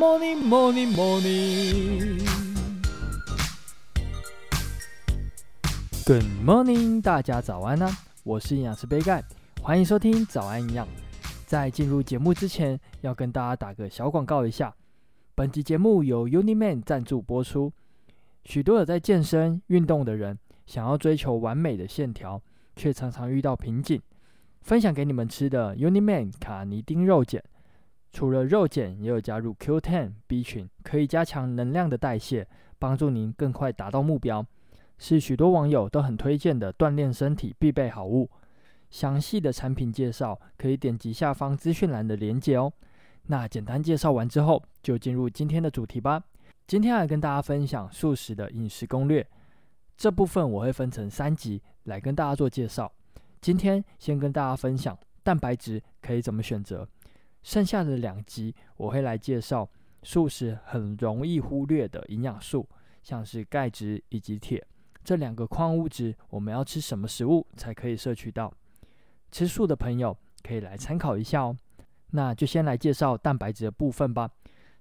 Morning, o morning. morning Good morning, 大家早安呢、啊！我是營養師杯蓋，歡迎收聽早安營養。在進入節目之前，要跟大家打個小廣告一下。本集節目由 UNIQMAN 贊助播出。許多有在健身運動的人，想要追求完美的線條，卻常常遇到瓶頸。分享給你們吃的 UNIQMAN 卡尼丁肉鹼。除了肉鹼，也有加入 Q10、B 群，可以加強能量的代謝，幫助您更快達到目標，是許多網友都很推薦的鍛鍊身體必備好物。詳細的產品介紹可以點擊下方資訊欄的鏈接哦。那簡單介紹完之後，就進入今天的主題吧。今天來跟大家分享素食的飲食攻略，這部分我會分成三集來跟大家做介紹。今天先跟大家分享蛋白質可以怎麼選擇。剩下的兩集我會來介紹素食很容易忽略的營養素，像是鈣質以及鐵這兩個礦物質，我們要吃什麼食物才可以攝取到？吃素的朋友可以來參考一下哦。那就先來介紹蛋白質的部分吧。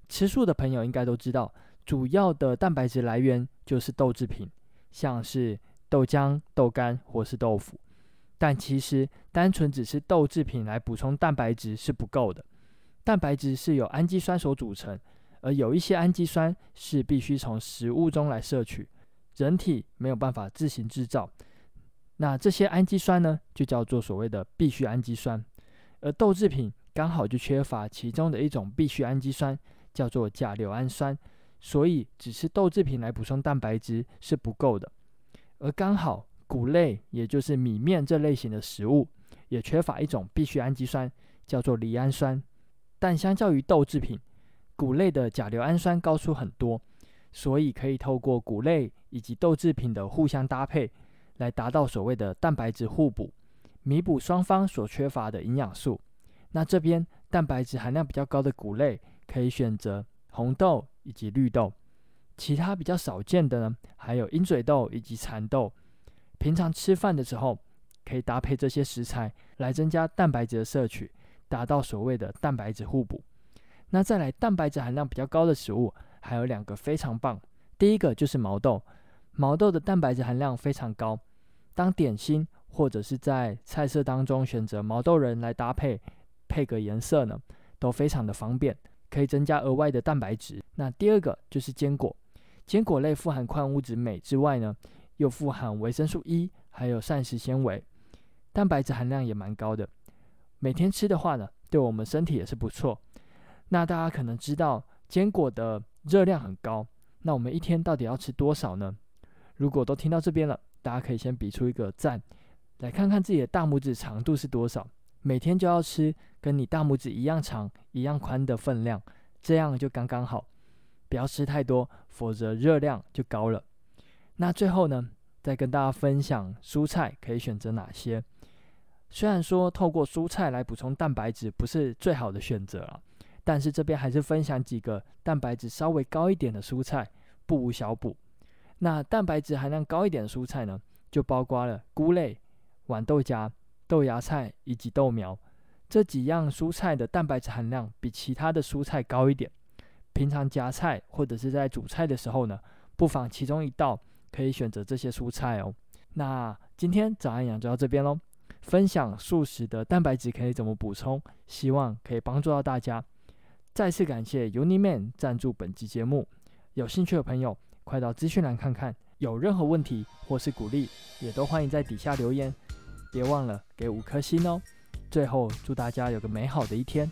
吃素的朋友應該都知道，主要的蛋白質來源就是豆製品，像是豆漿、豆乾或是豆腐。但其實單純只是豆制品來補充蛋白質是不夠的。蛋白質是由氨基酸所組成，而有一些氨基酸是必須從食物中來攝取，人體沒有辦法自行制造。那這些氨基酸呢，就叫做所謂的必需氨基酸。而豆制品剛好就缺乏其中的一種必需氨基酸，叫做甲硫氨酸，所以只吃豆制品來補充蛋白質是不夠的。而剛好。穀類，也就是米麵這類型的食物，也缺乏一種必需氨基酸，叫做賴氨酸。但相較於豆製品，穀類的甲硫氨酸高出很多，所以可以透過穀類以及豆製品的互相搭配，來達到所謂的蛋白質互補，彌補雙方所缺乏的營養素。那這邊蛋白質含量比較高的穀類，可以選擇紅豆以及綠豆，其他比較少見的呢，還有鷹嘴豆以及蠶豆。平常吃飯的時候，可以搭配這些食材來增加蛋白質的攝取，達到所謂的蛋白質互補。那再來蛋白質含量比較高的食物，還有兩個非常棒。第一個就是毛豆，毛豆的蛋白質含量非常高。當點心或者是在菜色當中選擇毛豆仁來搭配，配個顏色呢，都非常的方便，可以增加額外的蛋白質。那第二個就是堅果，堅果類富含礦物質鎂之外呢，又富含維生素 E，還有膳食纖維，蛋白質含量也蠻高的。每天吃的話呢，對我們身體也是不錯。那大家可能知道堅果的熱量很高，那我們一天到底要吃多少呢？如果都聽到這邊了，大家可以先比出一個讚，來看看自己的大拇指長度是多少。每天就要吃跟你大拇指一樣長、一樣寬的分量，這樣就剛剛好。不要吃太多，否則熱量就高了。那最後呢，再跟大家分享蔬菜可以選擇哪些。雖然說透過蔬菜來補充蛋白質不是最好的選擇了，但是這邊還是分享幾個蛋白質稍微高一點的蔬菜，不無小補。那蛋白質含量高一點的蔬菜呢，就包括了菇類、豌豆莢、豆芽菜以及豆苗。這幾樣蔬菜的蛋白質含量比其他的蔬菜高一點。平常夾菜或者是在煮菜的時候呢，不妨其中一道。可以選擇這些蔬菜哦！那今天早安營養就到這邊嘍。分享素食的蛋白質可以怎麼補充，希望可以幫助到大家。再次感謝 UNIQMAN 贊助本集節目。有興趣的朋友，快到資訊欄看看。有任何問題或是鼓勵，也都歡迎在底下留言。別忘了給五顆星哦。最後，祝大家有個美好的一天。